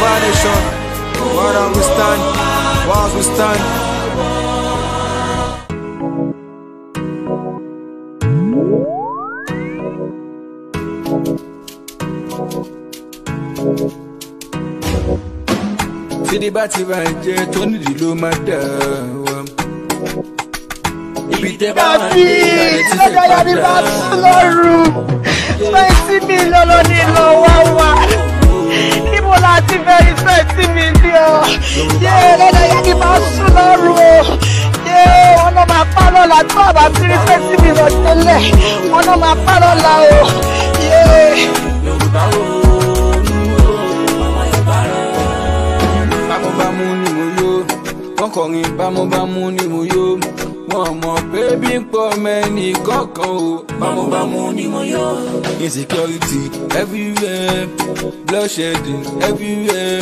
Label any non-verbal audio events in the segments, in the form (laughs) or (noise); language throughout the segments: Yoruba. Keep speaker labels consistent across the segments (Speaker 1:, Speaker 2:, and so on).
Speaker 1: violation.
Speaker 2: Water we stand,
Speaker 1: walls we stand. Tídí bá ti bàjẹ́ tó nídìí ló máa dà wá. Ibi tẹ́ bá wà ní ìlànà títẹ̀ padà. Bàbí ìlànà ni bá tún lọ́rùn. Twenty million ló ní lọ wá láti very twenty million yé lọ́dọ̀ yẹ kí n máa sùn lọ́rùn o
Speaker 2: yé wọn náà máa pa lọ́la tó àbá three twenty million tẹ́lẹ̀ wọn náà máa pa lọ́la o yé.
Speaker 1: bámúbámú ni mo yó wọn bámúbámú ni mo yó wọn mọ̀ pé bí ń pọ̀ mẹ́ni kankan o. bámúbámú ni mo yọ. insecurity everywhere bloodshedding everywhere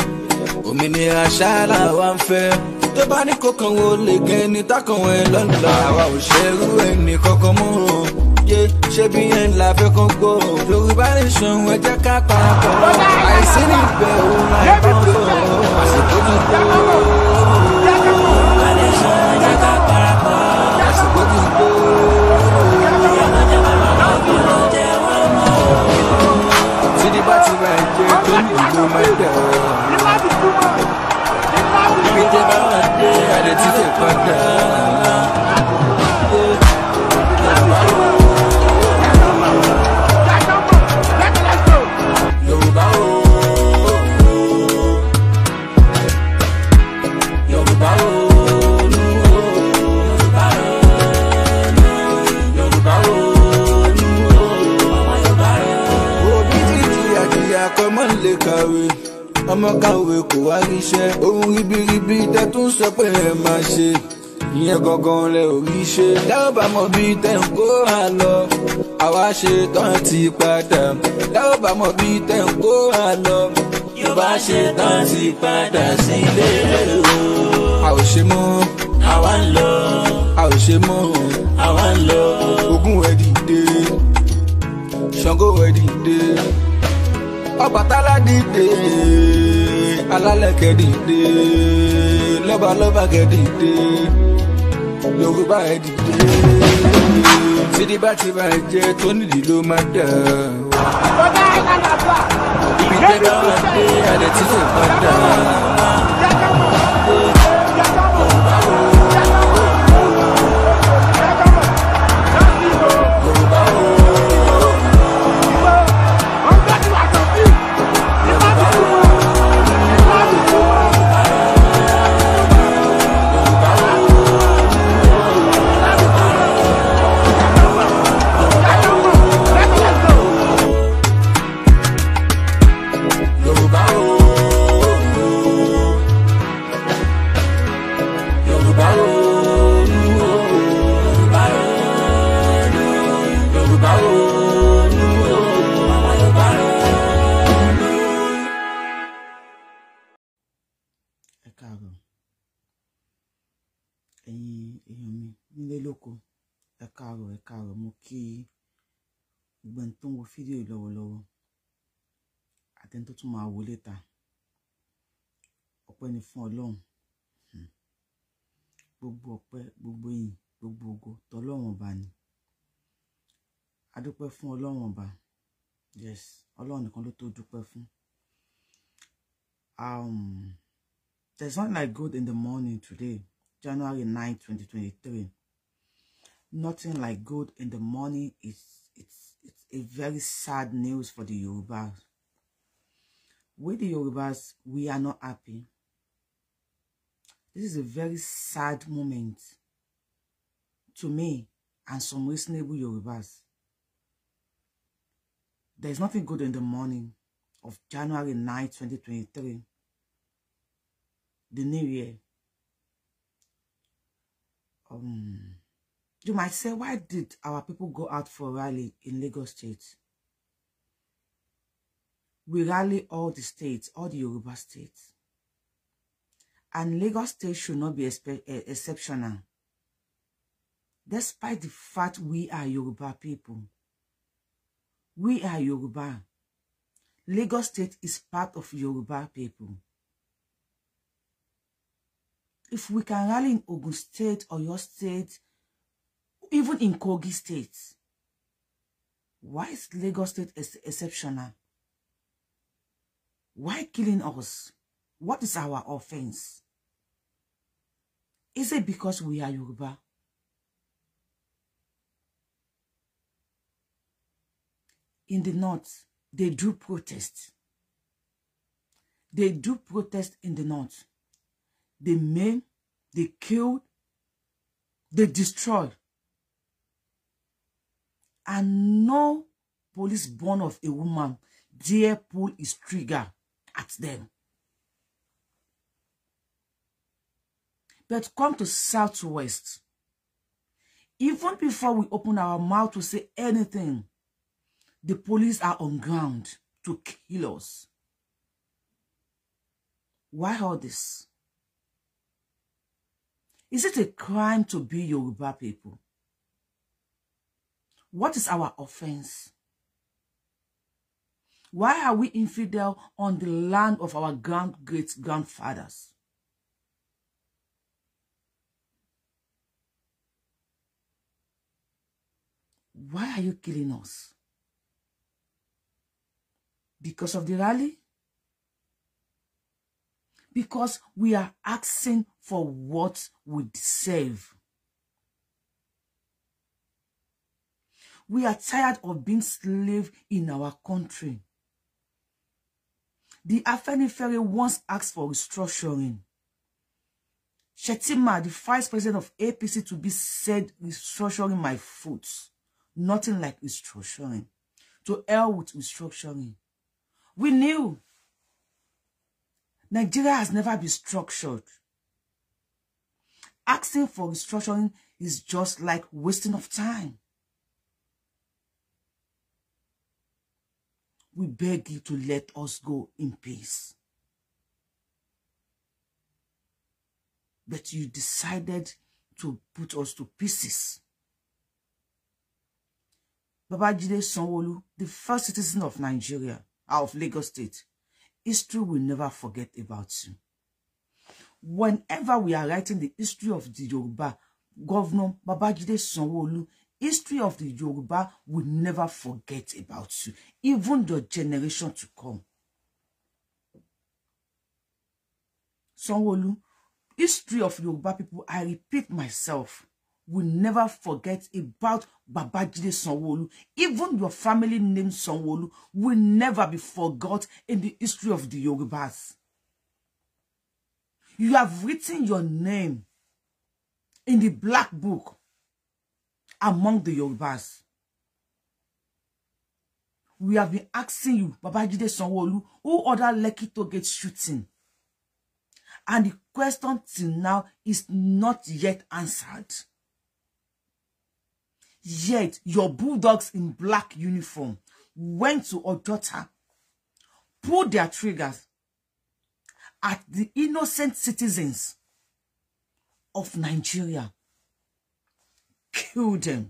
Speaker 1: òmìnira ṣáàlà wa ń fẹ́. tó bá ní kókan wo lè gẹ́ ni tákan ẹ lọ́nà. àwa ò ṣerú ẹni kankan mú o yé ṣé bí yẹn la fẹ́ kán gbó. yorùbá nation ẹ jẹ́ ká parapọ̀ àìsí níbẹ̀ o. ti padà sí ilé o. a ò ṣe mọ́. àwa ń lọ. a ò ṣe mọ́. àwa ń lọ. Ògún ẹ dìde Ṣàngó ẹ dìde Ọbàtálá dìde alálẹ̀kẹ̀ dìde lọ́balọ́ba kẹ̀ dìde Yorùbá ẹ dìde. tí bá ti bàjẹ́ ló máa dà Ìgbéra ni àdètí ti padà.
Speaker 2: tó ń wo fídíò yìí lọ́wọ́lọ́wọ́ àtẹni tó tún máa wò léta ọpẹ́ ni fún Ọlọ́run hmm. gbogbo ọpẹ́ gbogbo yìn gbogbo ògo tọlọ́run ọba ni adúpẹ́ fún Ọlọ́run ọba yes Ọlọ́run nìkan ló tó dúpẹ́ fún um there's nothing like gold in the morning today January 9 2023 nothing like gold in the morning is it's It's a very sad news for the Yorubas. With the Yorubas, we are not happy. This is a very sad moment to me and some reasonable Yorubas. There's nothing good in the morning of January 9, 2023, the new year. Um, You might say, why did our people go out for rally in Lagos State? We rally all the states, all the Yoruba states. And Lagos State should not be e, exceptional. Despite the fact we are Yoruba people, we are Yoruba. Lagos State is part of Yoruba people. If we can rally in Ogun State or your state, even in Kogi State. Why is Lagos State exceptional? Why killing us? What is our offense? Is it because we are Yoruba? In the north, they do protest. They do protest in the north. They maim, they kill, they destroy and no police born of a woman dare pull his trigger at them. But come to Southwest. Even before we open our mouth to say anything, the police are on ground to kill us. Why all this? Is it a crime to be Yoruba people? What is our offense? Why are we infidel on the land of our grand great grandfathers? Why are you killing us? Because of the rally? Because we are asking for what we deserve. We are tired of being slave in our country. The Afenifere once asked for restructuring. Shetima, the vice president of APC, to be said restructuring my foot. Nothing like restructuring. To hell with restructuring. We knew Nigeria has never been structured. Asking for restructuring is just like wasting of time. we beg you to let us go in peace. But you decided to put us to pieces. Babajide Sanwo-Olu, the first citizen of Nigeria, of Lagos State, history will never forget about you. Whenever we are writing the history of the Yoruba, Governor Babajide Sonwolu history of the Yoruba will never forget about you, even the generation to come. Sanwolu, history of Yoruba people, I repeat myself, will never forget about Babajide Sanwolu. Even your family name Sanwolu will never be forgot in the history of the Yorubas. You have written your name in the black book among the Yorubas. We have been asking you, Babajide Sanwo-Olu, who ordered Lekki to get shooting? And the question till now is not yet answered. Yet, your bulldogs in black uniform went to Ojota, pulled their triggers at the innocent citizens of Nigeria killed him.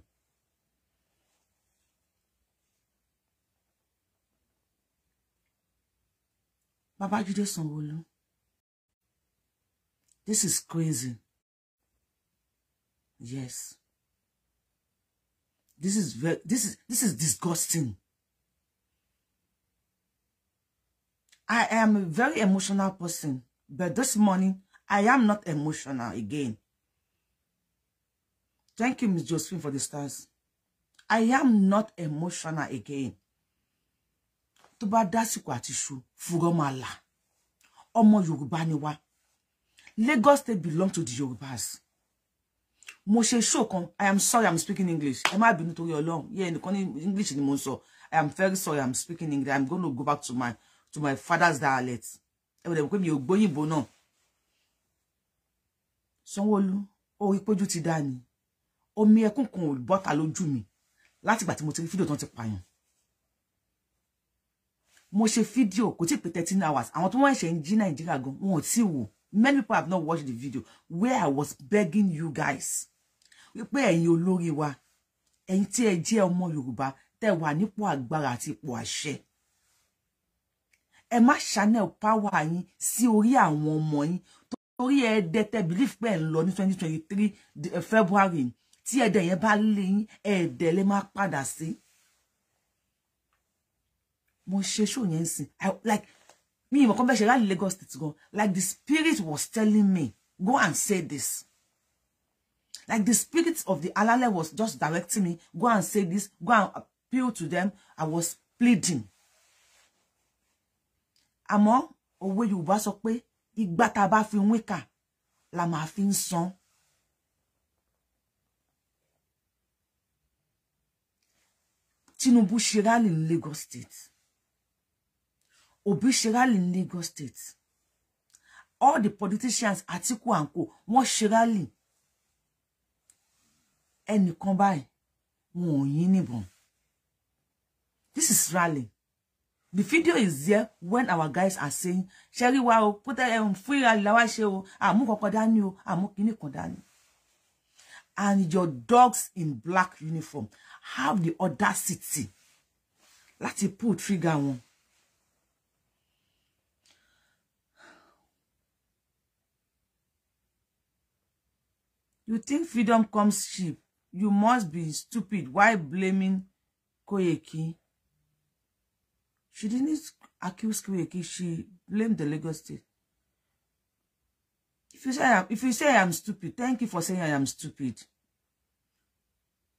Speaker 2: Babajide Sanwo-Olu. This is crazy. Yes. This is very this is this is disgusting. I am a very emotional person, but this morning I am not emotional again. Thank you, Miss Josephine, for the stars. I am not emotional again. To bá dásìkò àti ṣu, fúrọ́ máa là. Ọmọ Yorùbá ni wá. Lagos State belong to the Yorubas. Moshe ṣe show kan, I am sorry I'm speaking English. Am Ẹ má bínú torí Yeah, in the corner, English in the monso. I am very sorry I'm speaking English. I'm going to go back to my to my father's dialect. Ẹ wọ̀dẹ̀ pé mi ò gbóyìnbó náà. Sanwó-Olú, orí pójú ti dá omi ẹkún kan ò bọ́ta lójú mi látìgbà tí mo ti rí fídíò tó ń ti pààyàn mo ṣe fídíò kò tí ì pé thirteen hours àwọn tó wọ́n ṣe ń jí nàìjíríà gan wọn ò tí ì wò many people have not watched the video where i was begging you guys wípé ẹ̀yin olórí wa ẹ̀yin tí ẹ jẹ́ ọmọ yorùbá tẹ́ wà nípò agbára àti ipò àṣẹ ẹ má channel power yín sí orí àwọn ọmọ yín torí ẹ dẹ́tẹ̀ belief pé ẹ̀ ń lọ ní twenty twenty three eh, february tí ẹ̀dẹ̀ yẹn bá lé yín ẹ̀dẹ̀ lè máa padà sí. mo ṣe ṣó yẹn sìn like mi ìmọ̀ kan bẹ́ẹ̀ ṣe láti Lagos state gan like the spirit was telling me go and say this like the spirit of the alale was just directing me go and say this go and appeal to them I was pleading àmọ́ òwe Yorùbá sọ pé ìgbà tá a bá fi wínkà la máa fi ń san Tinubu ṣe rally ní Lagos State Obi ṣe rally ní Lagos State all the politicians Atiku and co wọ́n ṣe rally ẹnìkan báyìí wọn ò yín níbọn this is rally the video is there when our guys are saying ṣẹ́rí wa o put um, fún rally la wá ṣe o àmú kankan dání o àmú kinní kan dání and your dogs in black uniform have the audacity láti pull trigger wọn. You think freedom comes cheap. You must be stupid. Why blaming Koyeki? She didn't accuse Koyeki. She blamed the Lagos state. If you say I am, if you say I am stupid, thank you for saying I am stupid.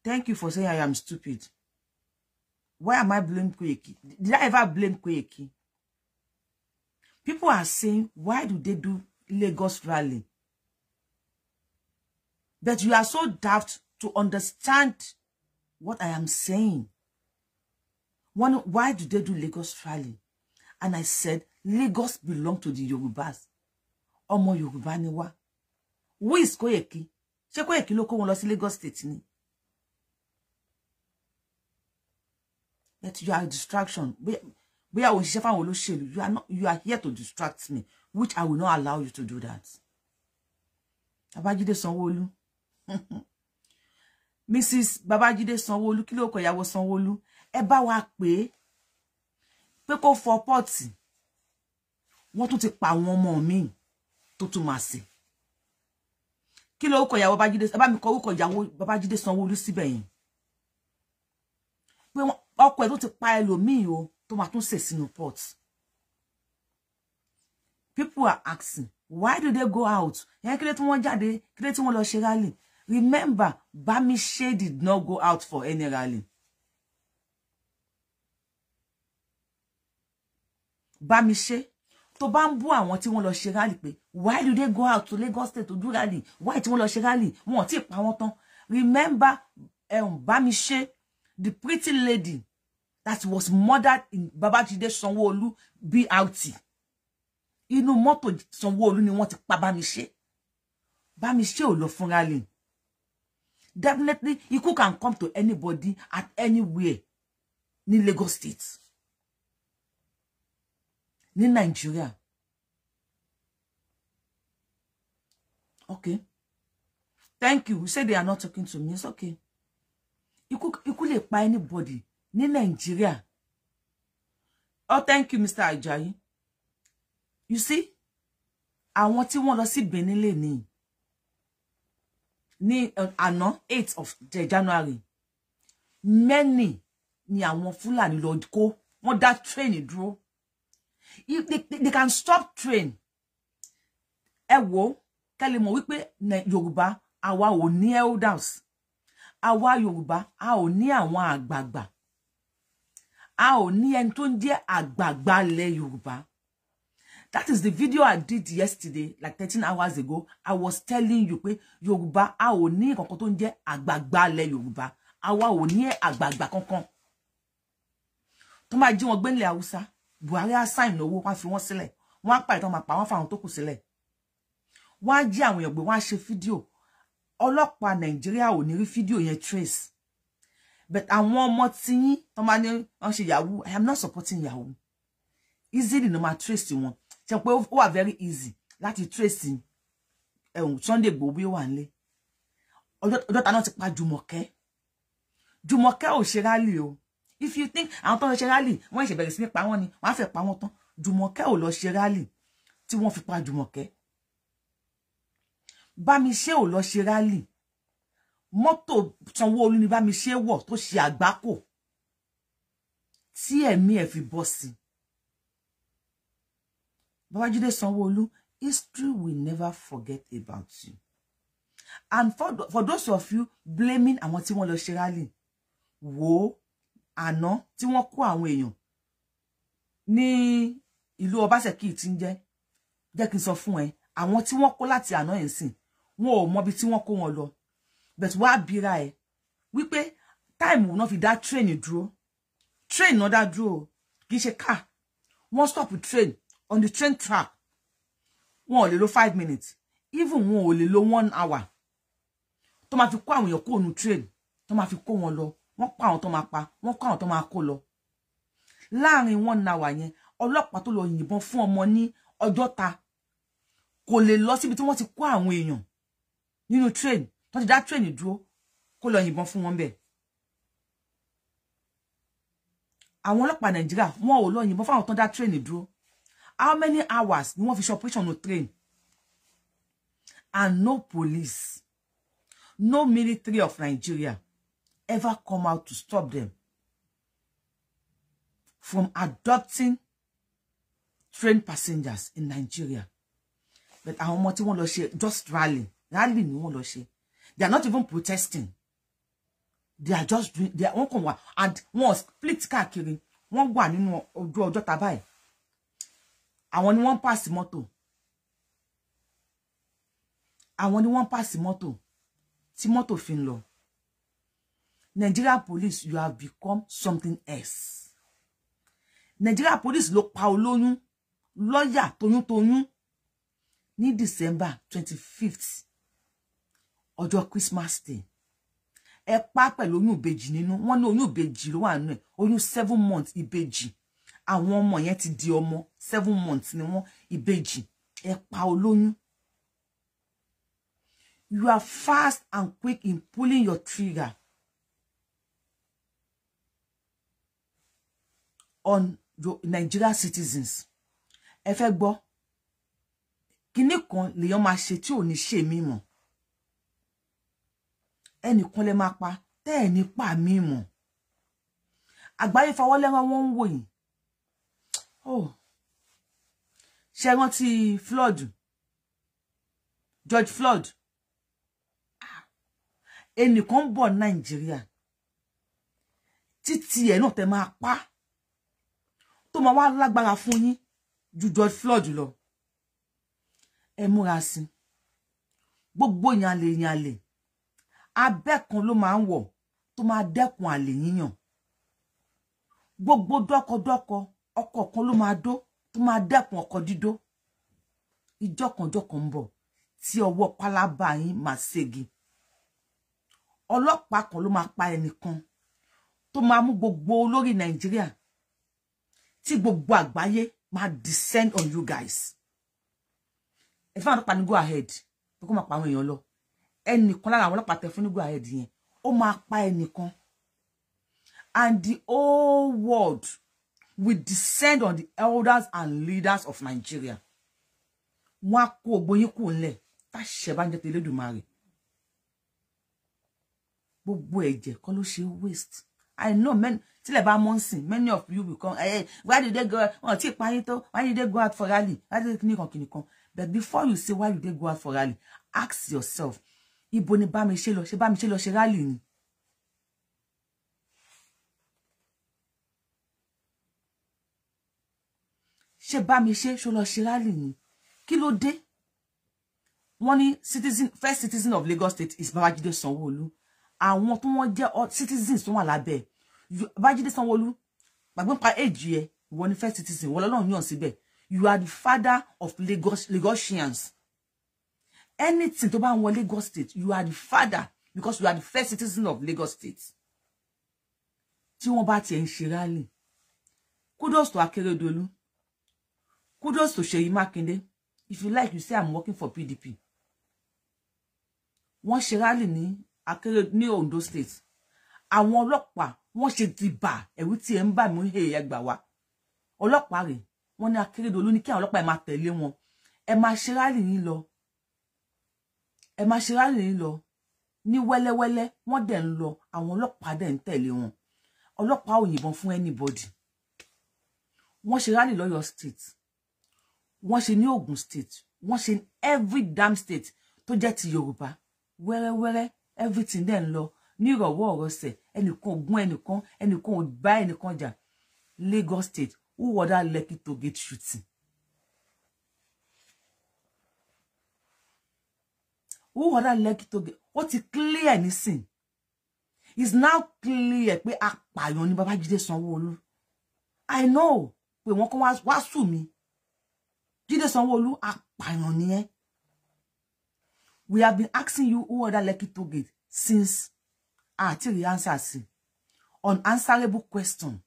Speaker 2: Thank you for saying I am stupid. Why am I blaming Koyeki? Did I ever blame Koyeki? People are saying, why do they do Lagos rally? But you are so daft to understand what I am saying. One, why do they do Lagos rally? And I said, Lagos belong to the Yorubas. Omo Yorùbá ni wá. Who is Koyeki? She Koyeki ló kó wọn lọ Lagos state ni? that you are a distraction bóyá òun ṣiṣẹ́ fáwọn olóṣèlú you are not you are here to distract me which I will not allow you to do that Babájídé Sanwó-Olú Mrs (laughs) Babájídé Sanwó-Olú kí ló kọ ìyàwó Sanwó-Olú ẹ bá wa pè é pé kó fọ pọ́ọ̀tì wọ́n ti pa àwọn ọmọ mi tó tún máa ṣe kí ló kọ ìyàwó Babájídé ẹ mi kọ orúkọ ìyàwó Babájídé Sanwó-Olú síbẹ̀ yẹn ọkọ ẹ tó ti pa ẹlòmíì o tó máa tún sè sínú pot people are asking why do they go out ẹ kílé tí wọ́n jáde kílé tí wọ́n lọ ṣe rally remember Bámiṣé did not go out for any rally Bámiṣé tó bá ń bú àwọn tí wọ́n lọ ṣe rally pé why do they go out to Lagos State to do rally why tí wọ́n lọ ṣe rally wọn ò tí ì pa wọ́n tán remember um, Bámiṣé the pretty lady that was murdered in Babajide Sanwo-Olu BRT. Inú mọ́tò Sanwo-Olu ni wọ́n ti pa Bámiṣé. Bámiṣé ò lọ fúnra lè. Definitely, ikú can come to anybody at anywhere ní Lagos State. Ní Nigeria. Okay. Thank you. You say they are not talking to me. It's okay. You Ikú, ikú lè buy anybody ní nàìjíríà oh thank you mr ajayi you see àwọn tí wọ́n lọ sí benin lè ní ní eh, àná eight of the january many ni àwọn fúlàní lọ kó wọ́n dá train dúró they, they can stop train ẹ wò kẹ́lẹ̀ mọ̀ wípé yorùbá àwa ò ní elders àwa yorùbá a ò ní àwọn àgbààgbà a ò ní ẹni tó ń jẹ́ àgbààgbà ilẹ̀ Yorùbá that is the video I did yesterday like thirteen hours ago I was telling you pé Yorùbá a ò ní kankan tó ń jẹ́ àgbààgbà ilẹ̀ Yorùbá àwa ò ní àgbààgbà kankan tó máa jí wọn gbé nílẹ̀ Haúsá Buhari á sáìn lówó wọ́n á fi wọ́n sílẹ̀ wọ́n á pàdé tó máa pa wọ́n fáwọn tó kù sílẹ̀ wọ́n á jí àwọn èèyàn gbé wọ́n á ṣe fídíò ọlọ́pàá Nàìjíríà ò ní rí fídíò yẹn trace but àwọn ọmọ tí yín wọ́n máa ní wọ́n ṣe yahoo i am not supporting yahoo easily no máa trace wọn ṣe pé ó wà very easy láti trace ẹ̀hún sunday gbòógbé wà nílé ọjọ́ ta náà ti pa jùmọ̀kẹ́ jùmọ̀kẹ́ ò ṣe rálì o if you think àwọn tó ń ṣe rálì wọ́n ṣe bẹ̀rẹ̀ sí ní pa wọ́n ni wọ́n á fẹ́ pa wọ́n tán jùmọ̀kẹ́ ò lọ ṣe rálì tí wọ́n fi pa jùmọ̀kẹ́ bámiṣẹ́ ò lọ ṣe rálì mọ́tò Sanwó-Olú ni bá mi ṣe wọ̀ tó ṣe àgbákò tí ẹ̀mí ẹ̀ fi bọ́ sí Babájídé Sanwó-Olú history will never forget about you and for, for those of you blaming àwọn tí wọ́n lọ ṣe rally wo àná tí wọ́n kó àwọn èèyàn ní ìlú Ọbaṣẹ́kì tí ń jẹ́ jẹ́ kí n sọ fún ẹ àwọn tí wọ́n kó láti àná ẹ̀ sìn wọn ò mọbi tí wọ́n kó wọn lọ but wá bira ẹ wípé time wọn fi dá train dúró train náà dá dúró kì í ṣe car wọn stop train on the train track wọn ò lo five minutes even wọn ò lo one hour tó máa fi kó àwọn èèyàn kó ònú train tó máa fi kó wọn lọ wọn pa àwọn tó máa pa wọn kó àwọn tó máa kó lọ láàrin one hour yẹn ọlọ́pàá tó lọ yìnbọn fún ọmọ ní ọjọ́ta kò lè lọ síbi tí wọ́n ti kó àwọn èèyàn nínú train tó ti dá train dúró kó lọ yìnbọn fún wọn bẹ́ẹ̀ àwọn ọlọ́pàá nàìjíríà wọn ò lọ yìnbọn fáwọn tó dá train dúró how many hours ni wọ́n fi ṣe operation no train and no police no military of Nigeria ever come out to stop them from adopting train passengers in Nigeria but àwọn ọmọ tí wọ́n lọ ṣe just rally rally ni wọ́n lọ ṣe They are not even protesting. They are just doing they are And kàn wá and wọ́n one káàkiri wọ́n wà nínú ojú ọjọ́ ta báyìí. Àwọn ni wọ́n pass mọ́tò. I want one pass mọ́tò tí mọ́tò fi Nigeria police you have become something else. Nigeria police ló pa lawyer lọ́yà toyúntoyún ni December twenty fifth ọjọ́ Christmas day ẹ pa pẹ̀lú oyún ìbejì nínú wọ́n ní oyún ìbejì ló wà nínú ẹ̀ oyún seven months ìbejì àwọn ọmọ yẹn ti di ọmọ seven months ni wọ́n ìbejì ẹ pa olóyún you are fast and quick in pulling your trigger on your Nigerian citizens ẹ fẹ́ gbọ́ kinní kan lèèyàn máa ṣe tí ò ní ṣe mí ẹnìkan lẹ máa pa tẹ́ ẹ̀ ní pa mí mọ̀ àgbáyé fọwọ́lẹ́rán wọ́n ń wò yín oh. ṣe rántí flood George flood. Ah. ẹnìkan bọ̀ Nàìjíríà títí ẹ̀ náà tẹ máa pa tó máa wá lágbára fún yín ju George flood lọ ẹ múra sí gbogbo ìyànlè ìyànlè abẹ́ kan ló máa ń wọ̀ tó máa dẹ́kun àlè yíyàn gbogbo dọ́kọdọ́kọ ọkọ̀ kan ló máa dó tó máa dẹ́kun ọkọ̀ dídó ìjọkànjọkàn ń bọ̀ tí ọwọ́ pálábá yín máa ségi ọlọ́pàá kan ló máa pa ẹnìkan tó máa mú gbogbo olórí Nàìjíríà tí gbogbo àgbáyé máa descend on you guys ẹ fún àwọn tó pa ní go ahead pé kó máa pa àwọn èèyàn lọ ẹnìkan lára àwọn ọlọ́pàá tẹ fún nígbà ẹ̀dì yẹn ó máa pa ẹnìkan and the whole world will descend on the elders and leaders of Nigeria wọn á kó ògbóyin kù ńlẹ̀ táṣẹ bá ń jẹ tẹlẹdùmarè gbogbo ẹ̀jẹ̀ kọ́ ló ṣe waste i know men tílẹ̀ bá mọ́ ń sìn many of you will come Hey, eh, eh, why did they go wọn tí ì parí tó why did they go out for rally why did they kí nìkan but before you say why did they go out for rally ask yourself ibo ni bá mi ṣe lọ ṣe bá mi ṣe lọ ṣe rálì ni. ṣe bá mi ṣe ṣo lọ ṣe rálì ni kí ló dé wọ́n ní citizen first citizen of Lagos State is Babajide Sanwo-Olu àwọn tó wọ́n jẹ́ citizens tó wà lábẹ́ Babajide Sanwo-Olu gbàgbọ́n pa èjì ẹ ìwọ ni first citizen wọ́n lọ́nà yàn síbẹ̀ you are the father of Lagos Lagosians anything tó bá wọn Lagos state you are the father because you are the first citizen of Lagos state tí wọ́n bá tiẹ̀ ń ṣe kudos to Akérédolú kudos to Ṣèyí Makinde. if you like you say i'm working for PDP wọ́n ṣe ni ní ni Ondo state àwọn ọlọ́pàá wọ́n ṣe dìbà ẹ̀rù tí ẹ̀ ń bà mí hey ẹgbà wa ọlọ́pàá rẹ̀ wọ́n ní Akérédolú ní kí àwọn ọlọ́pàá E máa tẹ̀lé wọn ẹ̀ máa ṣe rally yín ẹ máa ṣe rálìn lọ ní wẹ́lẹ́wẹ́lẹ́ wọ́n dẹ̀ ń lọ àwọn ọlọ́pàá dẹ̀ ń tẹ̀lé wọn ọlọ́pàá ò yìnbọn fún anybody wọ́n ṣe rálìn lọ́yọ̀ state wọ́n ṣe ní Ògùn state wọ́n ṣe every damn state tó jẹ́ ti Yorùbá wẹ́rẹ́wẹ́rẹ́ everything dẹ̀ ń lọ ní ìrọ̀wọ́ ọ̀rọ̀sẹ̀ ẹnìkan ògún ẹnìkan ẹnìkan ò bá ẹnìkan jà Lagos state who order Lekki to gate shooting who other leg to get ó ti clear nísìn is now clear pé apààyàn ni Babájídé Sanwó-Olú i know pé wọ́n kàn wá sù mí Jídé Sanwó-Olú apààyàn ni we have been asking you who other Lekki toll gate since until ah, the answer sí unanswerable question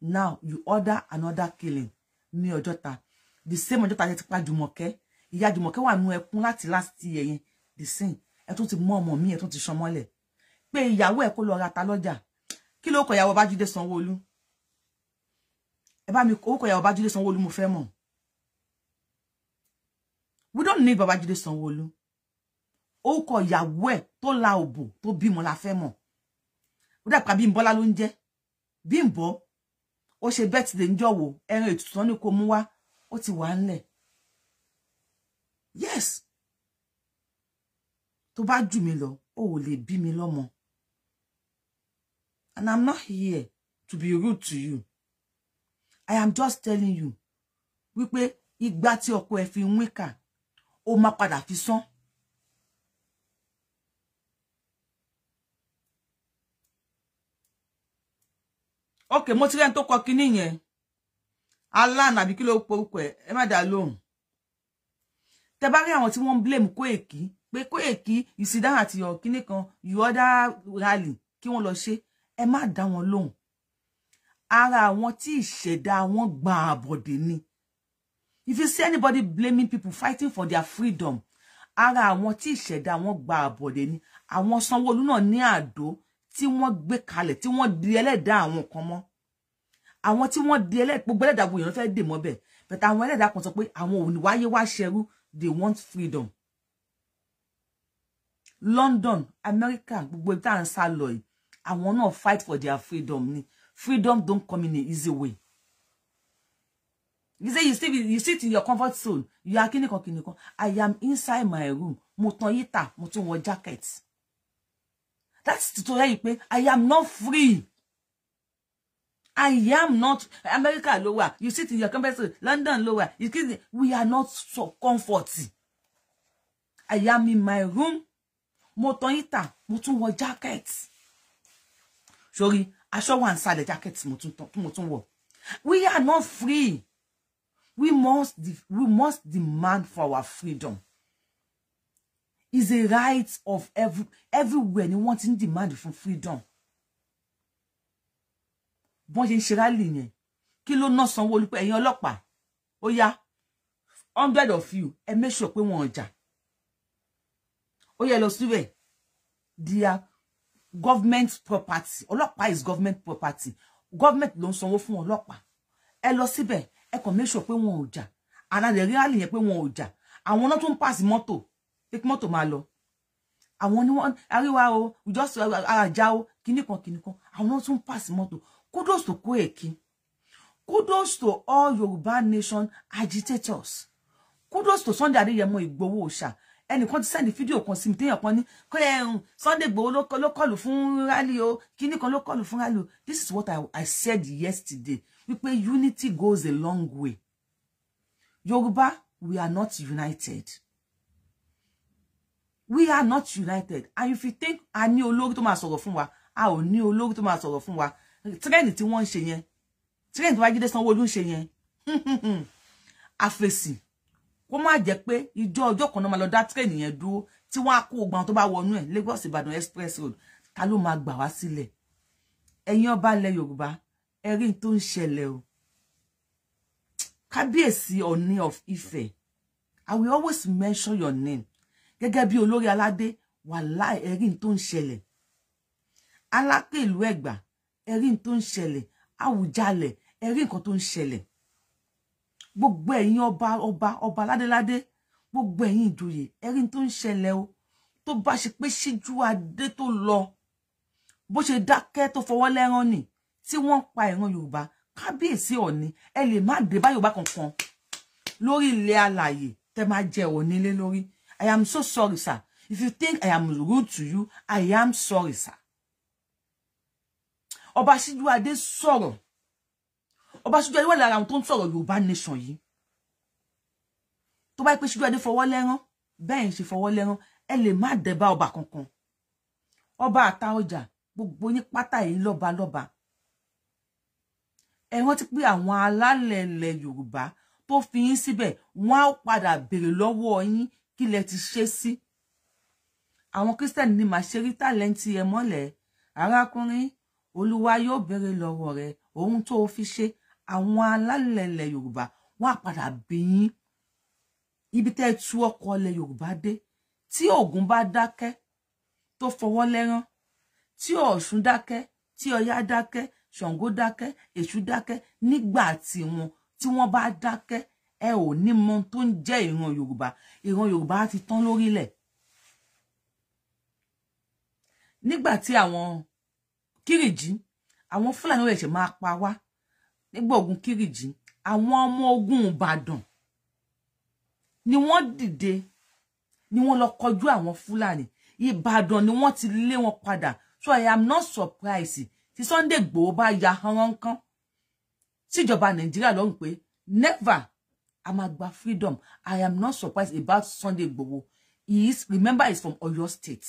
Speaker 2: now you order another killing ní Ọjọ́ta the same Ọjọ́ta tẹ́ ti pa Jùmọ̀kẹ́ ìyá Jùmọ̀kẹ́ wà nú ẹkún láti láti ẹ̀yìn the sin ẹ tún ti mú ọmọ mi ẹ tún ti ṣan mọ́lẹ̀ pé ìyàwó ẹ̀ kó lọ ra ta lọ́jà kí ló kọ ìyàwó Bájídé Sanwó-Olú ẹ bá mi ó kọ ìyàwó Bájídé sanwó mo fẹ́ mọ̀ we don't need Babájídé Sanwó-Olú ó kọ ìyàwó ẹ̀ tó la òbò tó bímọ la fẹ́ mọ̀ ó dàpọ̀ Bímbọ́lá ló ń jẹ́ Bímbọ́ ó ṣe bẹ́tìdé ń jọ̀wọ́ ẹran ètùtù tán ní mú wá ó ti wà ńlẹ̀ yes to bá jù mí lo, o ò lè bí mi lọ́mọ and i'm not here to be rude to you i am just telling you wípé ìgbà tí ọkọ ẹ fi ń wíkà ó máa padà fi sán ok mo ti rẹ́ni tó kọ kinní yẹn alan àbí kí ló porúkọ ẹ ẹ má dá tẹ bá rí àwọn tí wọ́n blame kweki, pé kweki you sit down at your kíní kan you order rally kí wọ́n lọ ṣe ẹ má dá wọn lóhùn ara won tí ìṣẹ̀dá wọn gba àbọ̀dé ni if you see anybody blaming people fighting for their freedom ara àwọn tí ìṣẹ̀dá won gba àbọ̀dé ni àwọn Sanwó-Olú náà ní àdó tí wọ́n gbé kalẹ̀ tí won di ẹlẹ́dàá àwọn kan mọ́ àwọn tí wọ́n di ẹlẹ́dàá gbogbo ẹlẹ́dàá gbogbo èèyàn fẹ́ dè mọ́ bẹ́ẹ̀ bẹ̀tẹ̀ àwọn ẹlẹ́dàá kan sọ pé àwọn ò ní wáyé wá ṣẹrú they want freedom London America gbogbo ibi tá à ń sá lọ fight for their freedom ni freedom don't come in an easy way you say you sit, you sit in your comfort zone you are kini kinikan kinikan I am inside my room mo tan yíta mo tún wọ jacket that's tutorial yìí pé I am not free I am not America ló wà. You sit in your comfort. London ló wà. You kidding? We are not so comforty. I am in my room. Mo tan ita, mo tún wọ jacket. Sorry, aṣọ wà nsàlẹ̀ jacket mo tún mo tún wọ̀. We are not free. We must we must demand for our freedom. Is a right of every everywhere ni wọ́n ti demand for freedom bọ́n ṣe ń ṣe rálì yẹn kí ló ná Sanwó-Olú pé ẹ̀yin ọlọ́pàá ó yá hundred of you ẹ make sure pé wọn ọjà ó yẹ lọ síbẹ̀ they are government property ọlọ́pàá is government property government ló ń sanwó fún ọlọ́pàá ẹ lọ síbẹ̀ ẹ kàn make sure pé wọn ọjà ara rẹ̀ rí rálì yẹn pé wọn ọjà àwọn náà tún pass mọ́tò pé kí mọ́tò máa lọ àwọn ni wọn àríwá o ìjọsìn àjà o kìnnìkan kìnnìkan àwọn náà tún pass mọ́tò Kudos to Kweki. Kudos to all Yoruba nation agitators. Kudos to Sunday Adeyemo Igboho Osha. Ẹnìkan ti send fídíò kan sí mi téèyàn kan ní kó ẹ̀hún um, Sunday Igboho ló kọlù fún rally o kíní kan ló kọlù fún rally This is what I, I said yesterday wípé unity goes a long way. Yoruba, we are not united. We are not united. And if you think a ní olórí tó máa sọ̀rọ̀ fún wa, a ò ní olórí tó máa sọ̀rọ̀ fún wa tírẹ́ẹ̀nì tí wọ́n ń ṣe yẹn tírẹ́ẹ̀nì tí Babájídé Sanwó-Olú ń ṣe yẹn (laughs) àfèsì kó má jẹ́ pé ìjọ ọjọ́ kan náà máa lọ dá tírẹ́ẹ̀nì yẹn dúró tí wọ́n á kó ogun àwọn tó bá wọnú ẹ̀ Lagos Ìbàdàn express road ta ló máa gbà wá sílẹ̀ ẹ̀yin ọba ilẹ̀ Yorùbá ẹ̀rí tó ń ṣẹlẹ̀ o kábíyèsí Ọ̀ọ̀ni of Ifẹ̀ I will always mention your name gẹ́gẹ́ bí olórí aládé wàláì ẹ̀rí tó ń ṣẹlẹ̀ alápèlú Ẹ̀gbá ẹ̀rí n tó ń ṣẹlẹ̀ Àwùjalẹ̀ ẹ̀rí nǹkan tó ń ṣẹlẹ̀ gbogbo ẹ̀yin ọba ọba ọba ládéládé gbogbo ẹ̀yin ìjòyè ẹ̀rí n tó ń ṣẹlẹ̀ o tó bá ṣe pé Síjú Adé tó lọ bó ṣe dákẹ́ tó fọwọ́ lẹ́rán nì tí wọ́n pa ìran Yorùbá kábíyèsí Ọ̀ọ̀ni ẹ lè má dé bá Yorùbá kankan lórí ilẹ̀ alàyè tẹ́ máa jẹ Ọ̀ọ̀ni lé lórí I am so sorry sir if you think I am rude to you I am sorry sir ọba Síjúadé sọ̀rọ̀ ọba Síjúadé wà lára àwọn tó ń sọ̀rọ̀ Yorùbá nation yìí tó bá pé Síjúadé fọwọ́ lẹ́rán bẹ́ẹ̀ ń ṣe fọwọ́ lẹ́rán ẹ lè má dẹ̀bá ọba kankan ọba àta ọjà gbogbo yín pátá yìí lọ́ba lọ́ba ẹ rántí pé àwọn alálẹ̀ ilẹ̀ Yorùbá tó fi yín síbẹ̀ wọ́n á padà béèrè lọ́wọ́ yín kí lẹ ti ṣe sí àwọn Kristẹni ni màá ṣe rí tàlẹ́ǹtì ẹ mọ́lẹ̀ olúwa yóò béèrè lọ́wọ́ rẹ ohun tó o fi ṣe àwọn alálẹ̀ ilẹ̀ yorùbá wọ́n á padà bí yín ibi tẹ́ ẹ tú ọkọ̀ ilẹ̀ yorùbá dé tí ògún bá dákẹ́ tó fọwọ́ lẹ́rán tí ọ̀ṣun dákẹ́ tí ọya dákẹ́ ṣàngó dákẹ́ èṣù dákẹ́ nígbà tí wọn tí wọ́n bá dákẹ́ ẹ ò ní mọ tó ń jẹ́ ìran yorùbá ìran yorùbá ti tán lórílẹ̀ nígbà tí àwọn kírìjí àwọn fúlàní ọ̀rẹ́ ẹ̀ṣẹ̀ máa pa wá nígbà ogun kírìjí àwọn ọmọ ogun ìbàdàn ni wọ́n dìde ni wọ́n lọ kọjú àwọn fúlàní ìbàdàn ni wọ́n ti lé wọn padà so i am not surprised tí Sunday Igboho bá ya àwọn nǹkan síjọba nàìjíríà lọ́rùn pé never a máa gba freedom i am not surprised about Sunday Igboho he is remember he is from Oyo state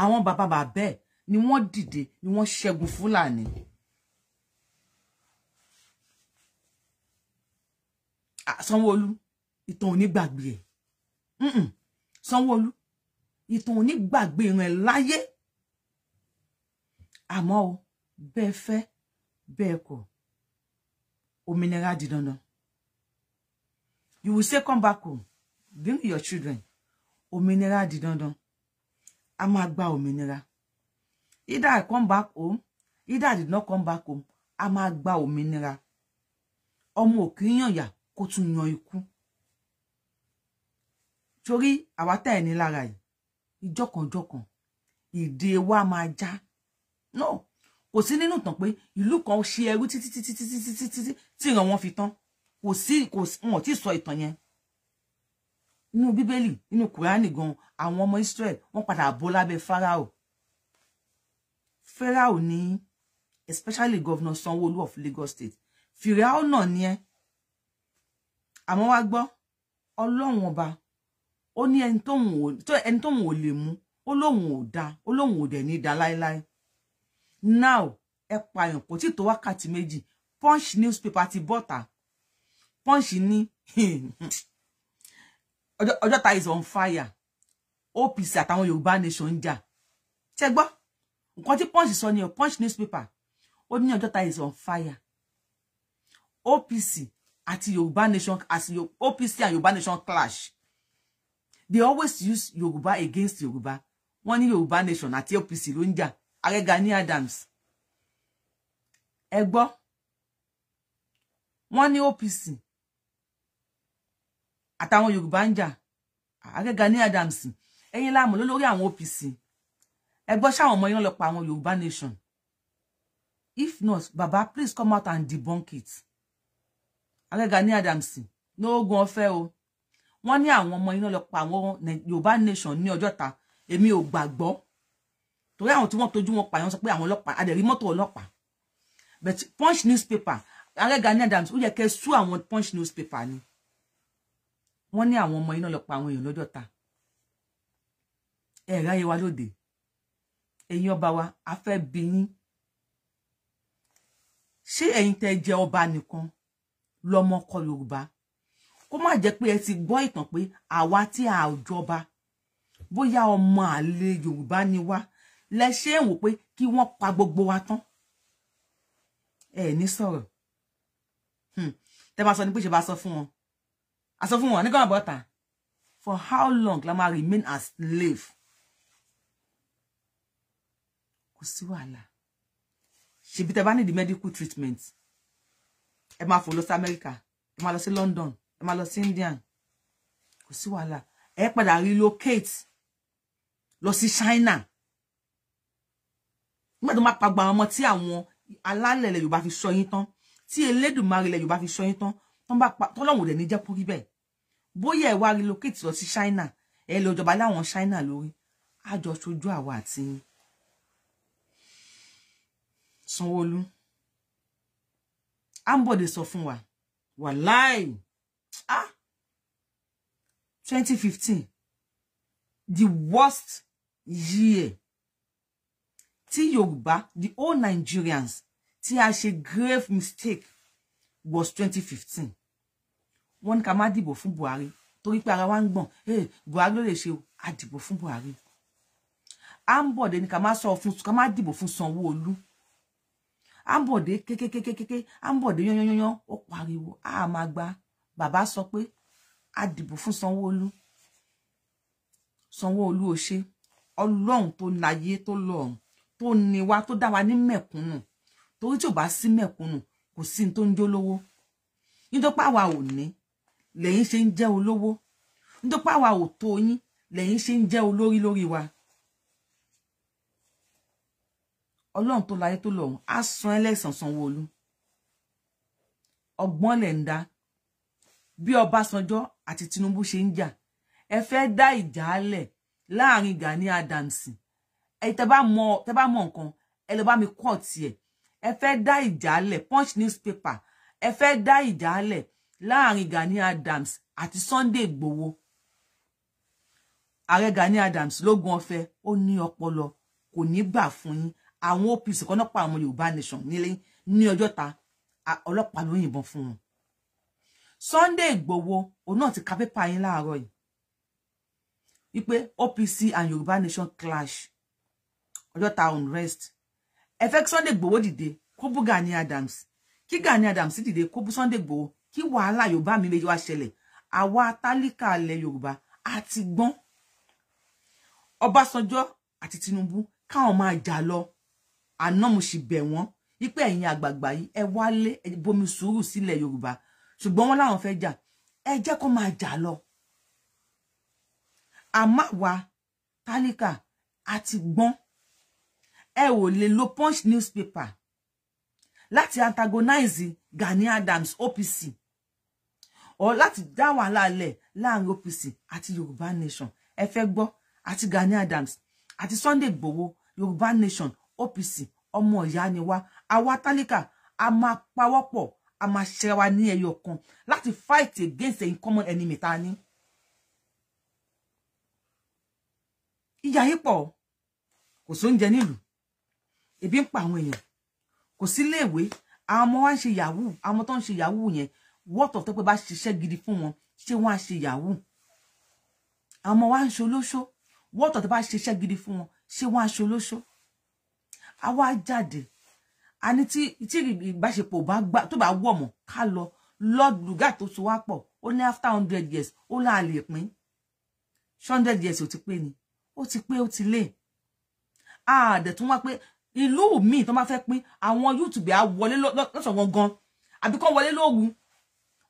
Speaker 2: àwọn bàbá bàbá bẹ́ẹ̀ ni wọ́n dìde ni wọ́n ṣẹ́gun Fúlàní. Sanwó-Olú ìtàn ò ní gbàgbé ẹ̀ Sanwó-Olú ìtàn ò ní gbàgbé rẹ̀ láyé àmọ́ o bẹ́ẹ̀ fẹ́ bẹ́ẹ̀ kọ̀ òmìnira di dandan you will say come back home bring your children òmìnira di dandan a máa gba òmìnira either I come back home either I did not come back home a máa gba Omo ọmọ òkè yànyà kó tún yan ikú torí àwa tá ẹ̀ ní lára yìí ìjọkànjọkàn ìdè wa máa já no kò sí nínú ìtàn pé ìlú kan ṣe ẹrú títí títí títí títí títí tí ìran wọn fi tán kò sí kò wọn ti sọ ìtàn yẹn nínú bíbélì nínú kùránì gan àwọn ọmọ Israel wọ́n padà bó lábẹ́ Fáráò Pharaoh ní especially governor sanwó of Lagos state Pharaoh náà ni ẹ́ àmọ́ wá gbọ́ ọlọ́run ọba ó ní ẹni tóun ò lè mú ó lóun ò da ó lóun ò dẹ̀ ní da láéláé now ẹ pààyàn kò tí tó wákàtí méjì punch newspaper ti bọ́ta punch ní (laughs) ọjọ́ta is on fire OPC àtàwọn Yorùbá nation ń jà ṣẹ́gbọ́n nǹkan tí punch sọ ni o punch newspaper ó ní Ọjọ́ta is on fire OPC àti Yorùbá nation as OPC and Yorùbá nation clash they always use Yorùbá against Yorùbá wọ́n ní Yorùbá nation àti OPC ló ń jà Ààrẹ Gani Adams ẹ gbọ́ wọ́n ní OPC àtàwọn Yorùbá ń jà Ààrẹ Gani Adams ẹ̀yin láàmú lólórí àwọn OPC ẹ gbọ́ sáwọn ọmọ yín lọ pa àwọn yorùbá nation if not baba please come out and debunk it alẹ́gà ní adams lóògùn ọ̀fẹ́ o wọ́n ní àwọn ọmọ yín lọ pa àwọn yorùbá nation ní ọjọ́ta èmi ò gbàgbọ́ torí àwọn tí wọ́n tójú wọn pa yẹn sọ pé àwọn ọlọ́pàá adẹ̀rí mọ́tò ọlọ́pàá but punch newspaper alẹ́gà ní adams ó yẹ kẹ́ sú àwọn punch newspaper ni wọ́n ní àwọn ọmọ yín lọ pa àwọn èèyàn lọ́jọ́ta ẹ̀ráyé wa lóde ẹ̀yin ọba wa a fẹ́ bi yín ṣé ẹ̀yin tẹ́ jẹ́ ọba nìkan lọ́mọ kọ Yorùbá kó má jẹ́ pé ẹ ti gbọ́ ìtàn pé àwa tí a ò jọba bóyá ọmọ àlè Yorùbá ni wá lẹ ṣe ń wò pé kí wọ́n pa gbogbo wa tán ẹ ní sọ̀rọ̀ hmm. tẹ́ bá sọ ní pé ṣe sọ fún wọn a sọ fún wọn nígbà bọ́ta for how long la máa remain as slave kò sí wàhálà ṣebí tẹ́ bá nídìí medical treatment ẹ máa fò lọ sí Amẹ́ríkà ẹ máa lọ sí London ẹ máa lọ sí India kò sí wàhálà ẹ padà relocate lọ sí China nígbà tó máa pa gba àwọn ọmọ tí àwọn alálẹ̀ ilẹ̀ Yorùbá fi sọ yín tán tí Elédùmarè ilẹ̀ Yorùbá fi sọ yín tán tọ́lọ́hùn rẹ̀ ní jẹ́ kó bẹ́ẹ̀ bóyá ẹ wá relocate lọ sí China ẹ lọ jọba láwọn China lórí àjọ sojú àwa àti yín Sanwó-Olú Ambode sọ fún wa wàláì ah 2015 the worst year tí Yorùbá the old Nigerians tí a ṣe grave mistake was 2015 wọ́n ní ká má dìbò fún Buhari torí pé ara wa ń gbọ̀n eh Buhari ló lè ṣe a dìbò fún Buhari Ambode ní ká má sọ fún ká má dìbò fún Sanwó-Olú ambode kékékékéké ambode yányányán ó pariwo a máa gba bàbá sọ pé a dìbò fún sanwóolu sanwóolu ò ṣe ọlọ́run tó láyé tó lọ́run tó ní wa tó dá wa ní mẹ̀kúnnù torí tí ò bá sí mẹ̀kúnnù kò sí ní tó ń jólówó nítorí pàwa ò ní lẹ́yìn ṣe ń jẹ́ olówó nítorí pàwa ò tó yín lẹ́yìn ṣe ń jẹ́ olórí lórí wa. ọlọ́run tó láyé tó lọ́run á san ẹlẹ́sàn sanwó-olú ọgbọ́n lẹ̀ ń dá bí ọbásanjọ́ àti tinubu ṣe ń jà ẹ fẹ́ dá ìjà lẹ̀ láàrin gani adams ẹ tẹ bá mọ nǹkan ẹ lọ bá mi kọ́ tiẹ̀ ẹ fẹ́ dá ìjà lẹ̀ punch newspaper ẹ fẹ́ dá ìjà lẹ̀ láàrin gani adams àti sunday igbòho ààrẹ gani adams ló gun ọ̀fẹ́ ó ní ọpọlọ kò ní gbà fún yín àwọn OPC kan náà pa àwọn Yorùbá nation nílé ní ọjọ́ ta ọlọ́pàá ló yìnbọn fún wọn Sunday Igboho òun náà ti ka pépà yín láàárọ̀ yìí wípé OPC and Yorùbá nation clash ọjọ́ ta unrest ẹ Sunday Igboho dìde kó bú Gani Adams kí Gani Adams dìde kó bú Sunday Igboho kí wàhálà Yorùbá mi méjì wá ṣẹlẹ̀ àwa tálíkà ilẹ̀ Yorùbá àti gbọ́n Ọbásanjọ́ àti Tinubu káwọn máa jà lọ àná mo sì bẹ̀ wọ́n wípé ẹ̀yin àgbààgbà yìí ẹ wálé ẹ bomi sùúrù sílẹ̀ yorùbá ṣùgbọ́n wọ́n láwọn fẹ́ jà ẹ jẹ́ kó máa jà lọ àmọ́ wa tálíkà àti gbọ́n ẹ ò lè lo punch newspaper láti antagonize Gani Adams OPC ọ láti dá wàhálà lẹ̀ láàrin OPC àti Yorùbá Nation ẹ fẹ́ gbọ́ àti Gani Adams àti Sunday Igboho Yorùbá Nation OPC ọmọ ìyá ni wá àwa tálíkà a máa pawọ́pọ̀ a máa ṣe wa ní ẹyọ kan láti fight against in common enemy ta ni. ìyà yìí pọ̀ kò sóúnjẹ nílùú ebi ń pa àwọn èèyàn kò sí iléèwé àwọn ọmọ wa ń ṣe yahoo àwọn ọmọ tó ń ṣe yahoo yẹn wọ́tọ̀ tó pé bá ṣiṣẹ́ gidi fún wọn ṣé wọ́n á ṣe yahoo àwọn ọmọ wa ń ṣe olóṣó wọ́tọ̀ tó bá ṣiṣẹ́ gidi fún wọn ṣé wọ́n á ṣe olóṣó a wá jáde a ní tí tí ìbáṣepọ̀ bá gbà tó bá wọ̀ mọ́ ká lọ lord lugard tó so wá pọ̀ ó ní after hundred years ó là á lè pín hundred years ò ti pé ni ó ti pé ó ti lé àdẹ̀ tún wá pé ìlú míì tó máa fẹ́ pín àwọn youtube á wọlé lọ́sọ̀ gangan àbí kán wọlé lóògùn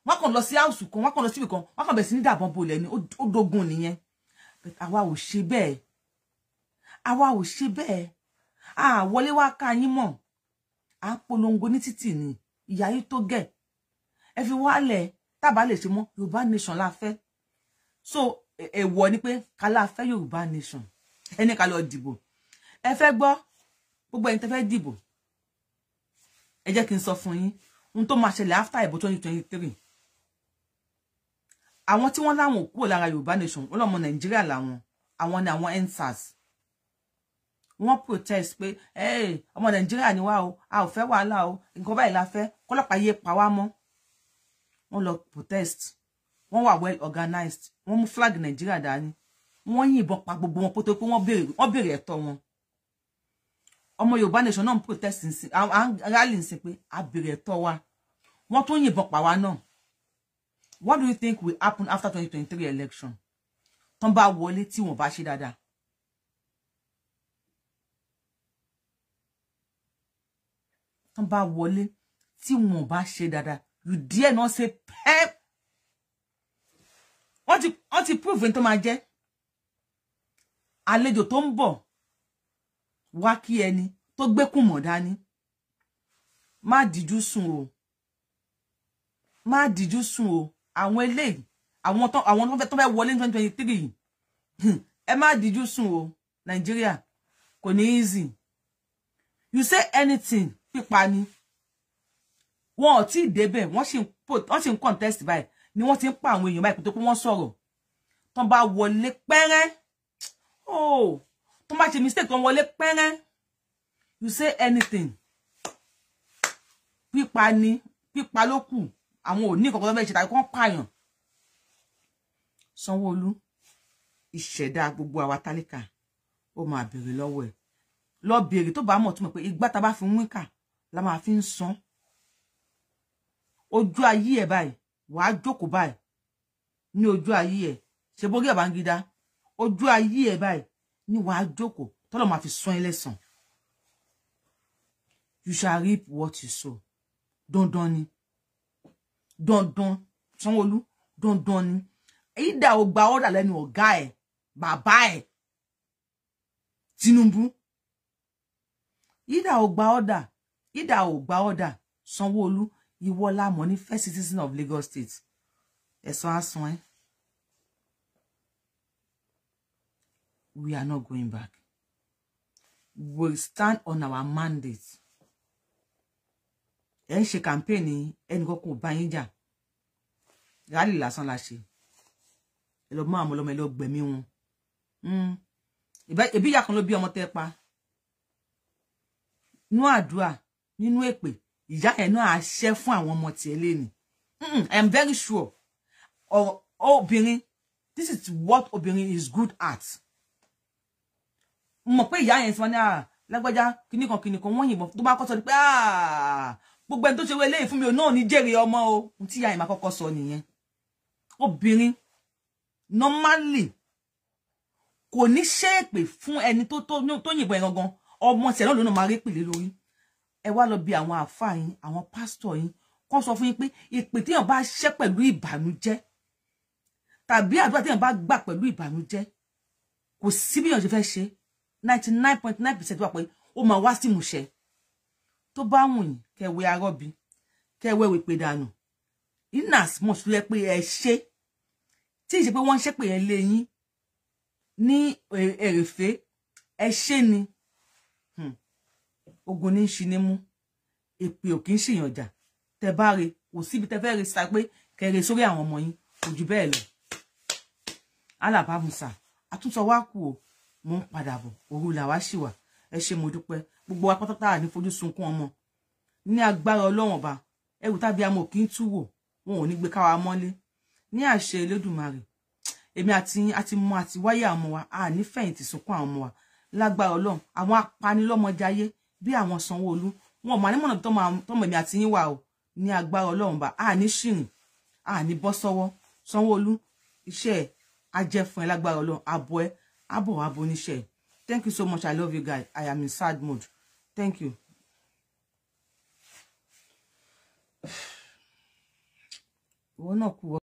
Speaker 2: wọn kàn lọ sí house kan wọn kàn lọ síbi kan wọn kàn bẹ̀rẹ̀ sí ní dàbọn bolẹ̀ ni ó dogun nìyẹn àwa ò ṣe bẹ́ẹ̀ àwa ò ṣe bẹ́ẹ̀ a wọlé wá ká yín mọ̀ à polongo ní títì ni ìyá yín tó gẹ̀ ẹ fi wálẹ̀ tábà lè ṣe mọ́ yorùbá nation la fẹ́ so èèwọ̀ ni pé ká la fẹ́ yorùbá nation ẹni ká lọ dìbò ẹ fẹ́ gbọ́ gbogbo ẹni tẹ́ fẹ́ dìbò ẹ jẹ́ kí n sọ fún yín ohun tó máa ṣẹlẹ̀ after ìbò twenty twenty three àwọn tí wọ́n láwọn ò kúrò lára yorùbá nation wọ́n lọ́mọ nàìjíríà làwọn àwọn ni àwọn endsars wọ́n protest pé ọmọ nàìjíríà ni wá o a ò fẹ́ wàhálà o nǹkan báyìí la fẹ́ kọ́lọ́pàá yé pa wá mọ́ wọ́n lọ protest wọ́n wà well organized wọ́n mú flag nàìjíríà dání wọ́n yìnbọn pa gbogbo wọn pótó pé wọ́n béèrè ẹ̀tọ́ wọn ọmọ yorùbá nation náà ń protest nsìn rally nsìn pé a béèrè ẹ̀tọ́ wa wọ́n tún yìnbọn pa wá náà what do you think will happen after twenty twenty three election tán bá wọlé tí wọ́n bá ṣe dáadáa tán bá wọlé tí wọn bá ṣe Dada, you dare not say pep wọ́n ti wọ́n ti prove ní tó máa jẹ́ àlejò tó ń bọ̀ wá kí ẹni tó gbékùn mọ̀ dání má dìjú sùn o má dìjú sùn o àwọn eléyìí àwọn tó àwọn tó fẹ́ wọlé ní twenty twenty three yìí hmm, ẹ má dìjú sùn o Nàìjíríà kò easy you say anything pípa ni wọn ò tí ì débẹ̀ wọ́n sì ń contest báyìí ni wọ́n ti ń pa àwọn èèyàn báyìí tó pé wọ́n sọ̀rọ̀ tán bá wọlé pẹ́rẹ́ oh tán bá ṣe mistake tán wọlé pẹ́rẹ́ you say anything pípa ni pípa ló kù àwọn ò ní kankan tó fẹ́ ṣe tàbí kán pààyàn Sanwó-Olú ìṣẹ̀dá gbogbo àwa tálíkà ó máa béèrè lọ́wọ́ ẹ̀ lọ béèrè tó bá mọ̀ tó mọ̀ pé igbá ta bá fi ń wíkà la máa fi ń san ojú ayé ẹ báyìí wàá jókòó báyìí ní ojú ayé ẹ ṣe bógí àbángídá ojú ayé ẹ báyìí ni wàá jókòó tọ́lọ̀ máa fi san ẹlẹ́sàn you shall reap what you sow dandan ni dandan sanwóolu dandan ni ìdá ò gba ọ̀dà lẹ́nu ọ̀gá ẹ̀ bàbá ẹ̀ Tinubu ìdá ò gba ọ̀dà ìdà ò gba ọ̀dà sanwóolu ìwọ lámọ̀ ní first citizen of Lagos State ẹ̀sán àsán ẹ́ we are not going back we stand on our mandate ẹ̀ ń ṣe kàmpéènì ẹnìkan kò bá yín jà rálì lásán la ṣe ẹ lọ mọ àwọn ọmọlọmọ ẹ lọ gbẹ̀mí wọn hmm. ìbí ìyá kan ló bí ọmọ tẹ́ pa nú àdúrà nínú èpè ìyá ẹ̀ náà á ṣẹ́ fún àwọn ọmọ tiẹ̀ lẹ́nu I am very sure obìnrin this is what obìnrin is good at mọ̀ pé ìyá yẹn ti wọn ní à ah, lágbájá kìnnìkan kìnnìkan wọ́n yìnbọn tó bá kọ́ sọ ni pé ah, gbogbo ẹni tó ṣe wọlé fún mi ò náà ní jèrè ọmọ o tí ìyá yẹn máa kọ́kọ́ sọ nìyẹn obìnrin normally kò ní ṣe èpè fún ẹni tó yìnbọn ẹ̀ gangan ọmọ tẹ̀ náà lónà máa rí pèlè lórí ẹ wá lọ bí àwọn àáfàá yín àwọn pásítọ̀ yín kọ́n sọ fún yín pé ìpè téèyàn bá ṣẹ́ pẹ̀lú ìbànújẹ́ tàbí àdúrà téèyàn bá gbà pẹ̀lú ìbànújẹ́ kò sí bí èèyàn ṣe ṣe ninety nine point nine percent wà pé ó máa wá sí ìmúṣẹ tó bá wùn yín kẹwé arọ́bí kẹwé ìpè dànù inas mọ̀ sí yẹ pé ẹ ṣe tí ì ṣe pé wọ́n ń yẹn lé yín ní èrèfé ẹ ṣe ni ogun ní ṣi ní mú èpè ò kì í ṣèyàn jà tẹ bá re kò síbi tẹ fẹ́ re sa pé kẹre sórí àwọn ọmọ yín kò jù bẹ́ẹ̀ lọ alaba musa àtúntò wa kù o mo ń padà bọ̀ òru làwa ṣì wà ẹ ṣe mo dúpẹ́ gbogbo wa pátápátá ní fojú sunkún ọmọ ní agbára Ọlọ́run ọba ẹrù tàbí amọ kì í tú wò wọn ò ní gbé káwa mọ́lé ní àṣẹ Elédùmarè èmi àti àti mọ àti wáyé àwọn ọmọ wa a nífẹ̀yìntì sunkún àwọn ọmọ wa lágbára Ọlọ́run àwọn apanilọ́mọjayé bí àwọn sanwó wọn mọ anímọ̀nà tọmọ èmi àti yín wà o ní agbára Ọlọ́run bá àní ṣìrìn àní bọ́ sọ́wọ́ sanwó iṣẹ́ ajẹ́fun ẹ lágbára Ọlọ́run abo ẹ abo abo níṣẹ́ thank you so much i love you guys i am in sad mood thank you. (sighs) ìwọ náà kú wọ.